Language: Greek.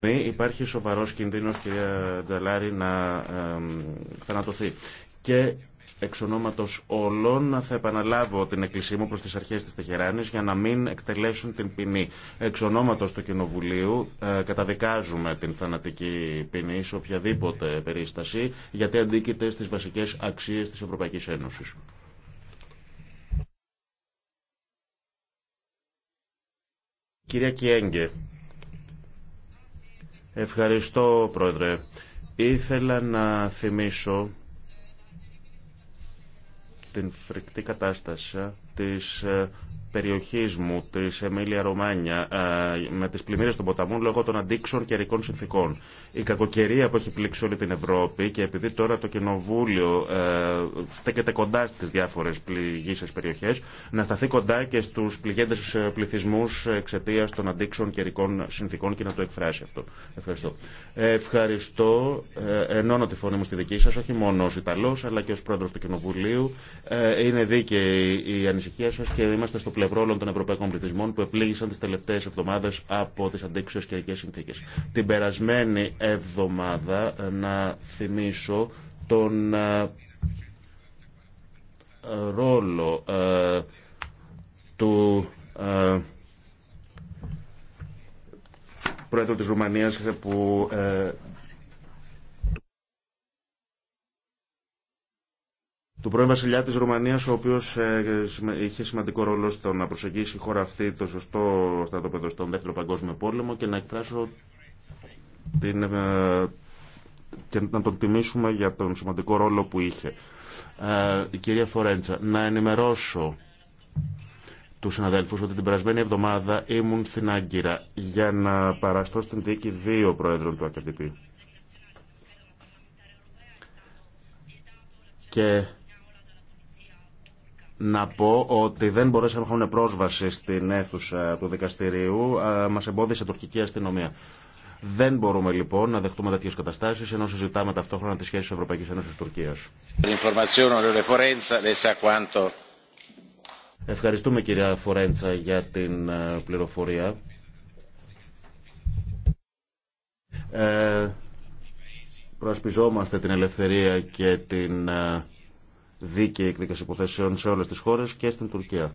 Υπάρχει σοβαρός κινδύνος, κυρία Νταλάρη, να ε, θανατωθεί. Και εξ ονόματος όλων θα επαναλάβω την εκκλησία μου προς τις αρχές της Τεχεράνης για να μην εκτελέσουν την ποινή. Εξ ονόματος του Κοινοβουλίου ε, καταδικάζουμε την θανατική ποινή σε οποιαδήποτε περίσταση γιατί αντίκειται στις βασικές αξίες της Ευρωπαϊκής Ένωσης. Κυρία Κιέγγε. Ευχαριστώ, Πρόεδρε. Ήθελα να θυμίσω την φρικτή κατάσταση της ε, Περιοχή μου, τη Εμίλια Ρωμάνια, ε, με τι πλημμύρε των ποταμών λόγω των αντίξεων καιρικών συνθήκων. Η κακοκαιρία που έχει πλήξει όλη την Ευρώπη και επειδή τώρα το Κοινοβούλιο ε, στέκεται κοντά στις διάφορες πληγήσει περιοχέ να σταθεί κοντά και στου πληγέντε πληθυσμού εξαιτία των αντίξεων καιρικών συνθήκων και να το εκφράσει αυτό. Ευχαριστώ. Ευχαριστώ. Ε, ενώνω τη φωνή μου στη δική σα, όχι μόνο ω Ιταλό, αλλά και ω πρόεδρο του Κοινοβουλίου. Ε, είναι δίκαιη η ανησυχία σα, και είμαστε στο πλευρό των ευρωπαϊκών πληθυσμών που επλήγησαν τι τελευταίε εβδομάδε από τι αντίξωε συνθήκε. Την περασμένη εβδομάδα, ε, να θυμίσω τον ε, ρόλο ε, του ε, πρόεδρου της Ρουμανίας που του πρώην βασιλιά της Ρουμανίας, ο οποίος ε, είχε σημαντικό ρόλο στο να προσεγγίσει η χώρα αυτή το σωστό στρατόπεδο στον Δεύτερο Παγκόσμιο Πόλεμο και να εκφράσω την, ε, και να τον τιμήσουμε για τον σημαντικό ρόλο που είχε. Ε, κυρία Φορέντσα, να ενημερώσω του συναδέλφου ότι την περασμένη εβδομάδα ήμουν στην Άγκυρα για να παραστώ στην δίκη δύο πρόεδρων του ΑΚΤΠ. Και να πω ότι δεν μπορέσαμε να έχουν πρόσβαση στην αίθουσα του δικαστηρίου. Μας εμπόδισε η τουρκική αστυνομία. Δεν μπορούμε λοιπόν να δεχτούμε τέτοιε καταστάσει ενώ συζητάμε ταυτόχρονα τι σχέσει Ευρωπαϊκή Ένωση Τουρκία. Ευχαριστούμε κυρία Φορέντσα για την ε, πληροφορία. Ε, προασπιζόμαστε την ελευθερία και την ε, δίκαιη εκδίκαση υποθέσεων σε όλες τις χώρες και στην Τουρκία.